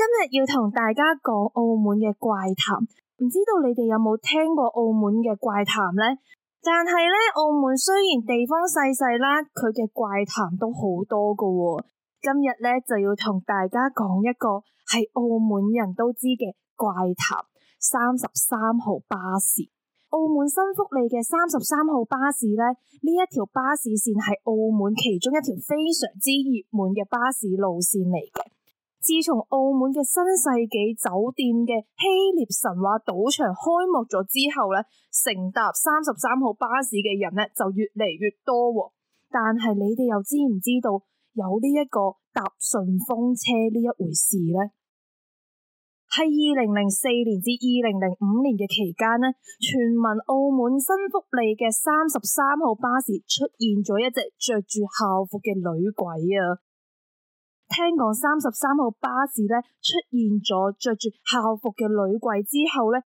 今日要同大家講澳門嘅怪談，唔知道你哋有冇聽過澳門嘅怪談呢？但係呢，澳門雖然地方細細啦，佢嘅怪談都好多噶喎。今日呢，就要同大家講一個係澳門人都知嘅怪談——三十三號巴士。澳門新福利嘅三十三號巴士呢，呢一條巴士線係澳門其中一條非常之熱門嘅巴士路線嚟嘅。自從澳門嘅新世紀酒店嘅希臘神話賭場開幕咗之後咧，乘搭三十三號巴士嘅人咧就越嚟越多。但係你哋又知唔知道有呢一個搭順風車呢一回事呢？喺二零零四年至二零零五年嘅期間呢，傳聞澳門新福利嘅三十三號巴士出現咗一隻着住校服嘅女鬼啊！聽講三十三號巴士，呢出現咗着住校服嘅女鬼之後呢，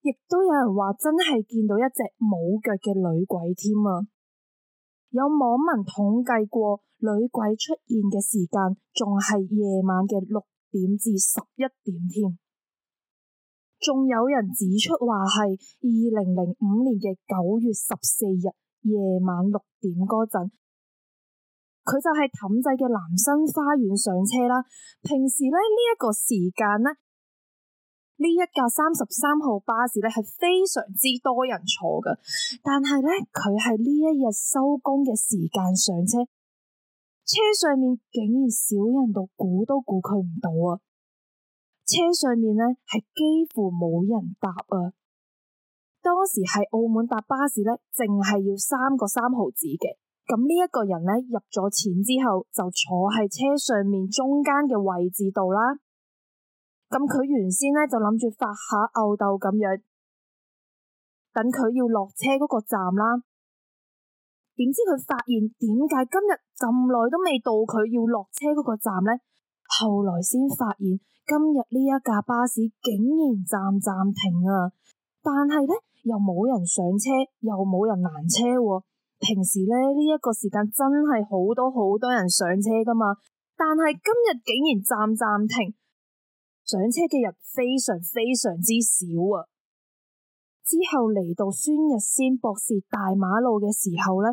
亦都有人話真係見到一隻冇腳嘅女鬼添啊！有網民統計過，女鬼出現嘅時間，仲係夜晚嘅六點至十一點添。仲有人指出話係二零零五年嘅九月十四日夜晚六點嗰陣。佢就係氹仔嘅南新花園上車啦。平時咧呢一個時間呢，呢一架三十三號巴士咧係非常之多人坐噶，但係咧佢係呢一日收工嘅時間上車，車上面竟然少人到估都估佢唔到啊！車上面咧係幾乎冇人搭啊。當時喺澳門搭巴士咧，淨係要三個三毫子嘅。咁呢一個人呢，入咗錢之後就坐喺車上面中間嘅位置度啦。咁佢原先呢，就諗住發下吽逗咁樣，等佢要落車嗰個站啦。點知佢發現點解今日咁耐都未到佢要落車嗰個站呢？後來先發現今日呢一架巴士竟然站站停啊！但係呢，又冇人上車，又冇人攔車喎。平時咧呢一個時間真係好多好多人上車噶嘛，但係今日竟然站站停，上車嘅人非常非常之少啊！之後嚟到孫逸仙博士大馬路嘅時候咧，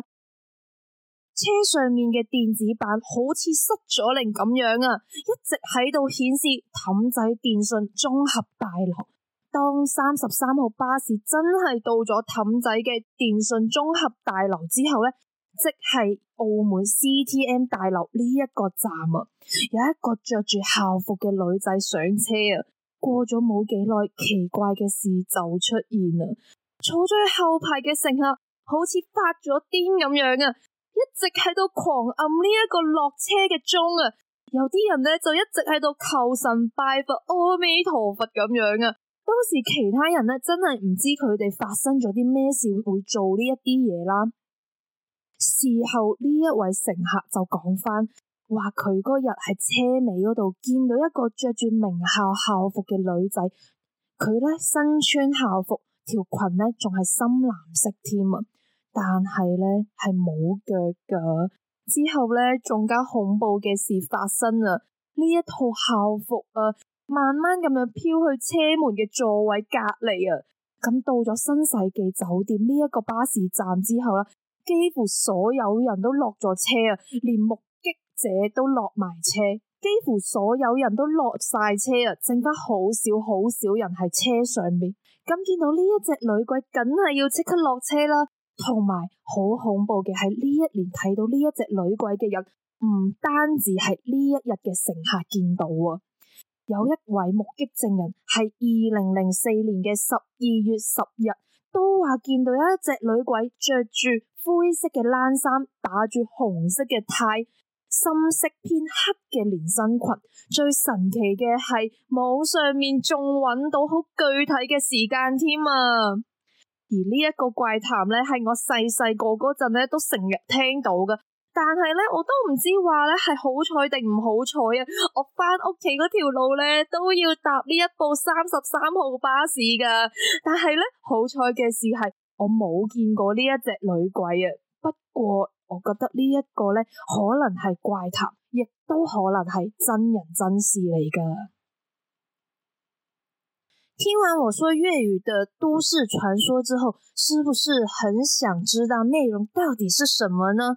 車上面嘅電子版好似失咗靈咁樣啊，一直喺度顯示氹仔電信綜合大樓。當三十三號巴士真係到咗氹仔嘅電信綜合大樓之後呢即係澳門 CTM 大樓呢一個站啊，有一個着住校服嘅女仔上車啊，過咗冇幾耐，奇怪嘅事就出現啦。坐咗喺後排嘅乘客好似發咗癲咁樣啊，一直喺度狂按呢一個落車嘅鐘啊，有啲人呢，就一直喺度求神拜佛、阿彌陀佛咁樣啊。當時其他人咧，真係唔知佢哋發生咗啲咩事，會做呢一啲嘢啦。事後呢一位乘客就講返，話佢嗰日喺車尾嗰度見到一個着住名校校服嘅女仔，佢咧，身穿校服，條裙咧仲係深藍色添啊，但係咧係冇腳噶之後咧，更加恐怖嘅事發生啊，呢一套校服啊。慢慢咁樣飄去車門嘅座位隔離啊。咁到咗新世紀酒店呢一個巴士站之後啦，幾乎所有人都落咗車啊，連目擊者都落埋車，幾乎所有人都落晒車啊，剩翻好少好少人喺車上面。咁見到呢一隻女鬼，梗係要即刻落車啦。同埋好恐怖嘅，係呢一年睇到呢一隻女鬼嘅人，唔單止係呢一日嘅乘客見到啊。有一位目擊證人係二零零四年嘅十二月十日，都話見到有一隻女鬼着住灰色嘅冷衫，打住紅色嘅呔，深色偏黑嘅連身裙。最神奇嘅係網上面仲揾到好具體嘅時間添啊！而呢一個怪談咧，係我細細個嗰陣咧都成日聽到㗎。但係咧，我都唔知話咧係好彩定唔好彩啊！我翻屋企嗰條路咧都要搭呢一部三十三號巴士噶。但係咧，好彩嘅事係我冇見過呢一隻女鬼啊。不過我覺得呢一個咧，可能係怪談，亦都可能係真人真事嚟噶。聽完我說粵語的都市傳說之後，是不是很想知道內容到底是什麼呢？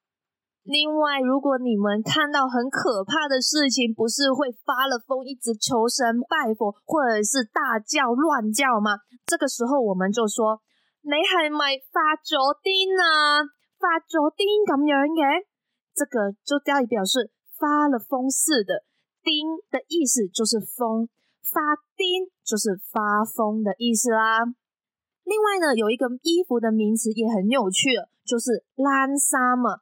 另外，如果你們看到很可怕的事情，不是會發了瘋，一直求神拜佛，或者是大叫亂叫嗎？這個時候我們就說，你係咪發咗癲啊？發咗癲咁樣嘅？這個就代表是發了瘋似的。癲的意思就是瘋，發癲就是發瘋的意思啦、啊。另外呢，有一個衣服的名詞也很有趣，就是冷衫嘛。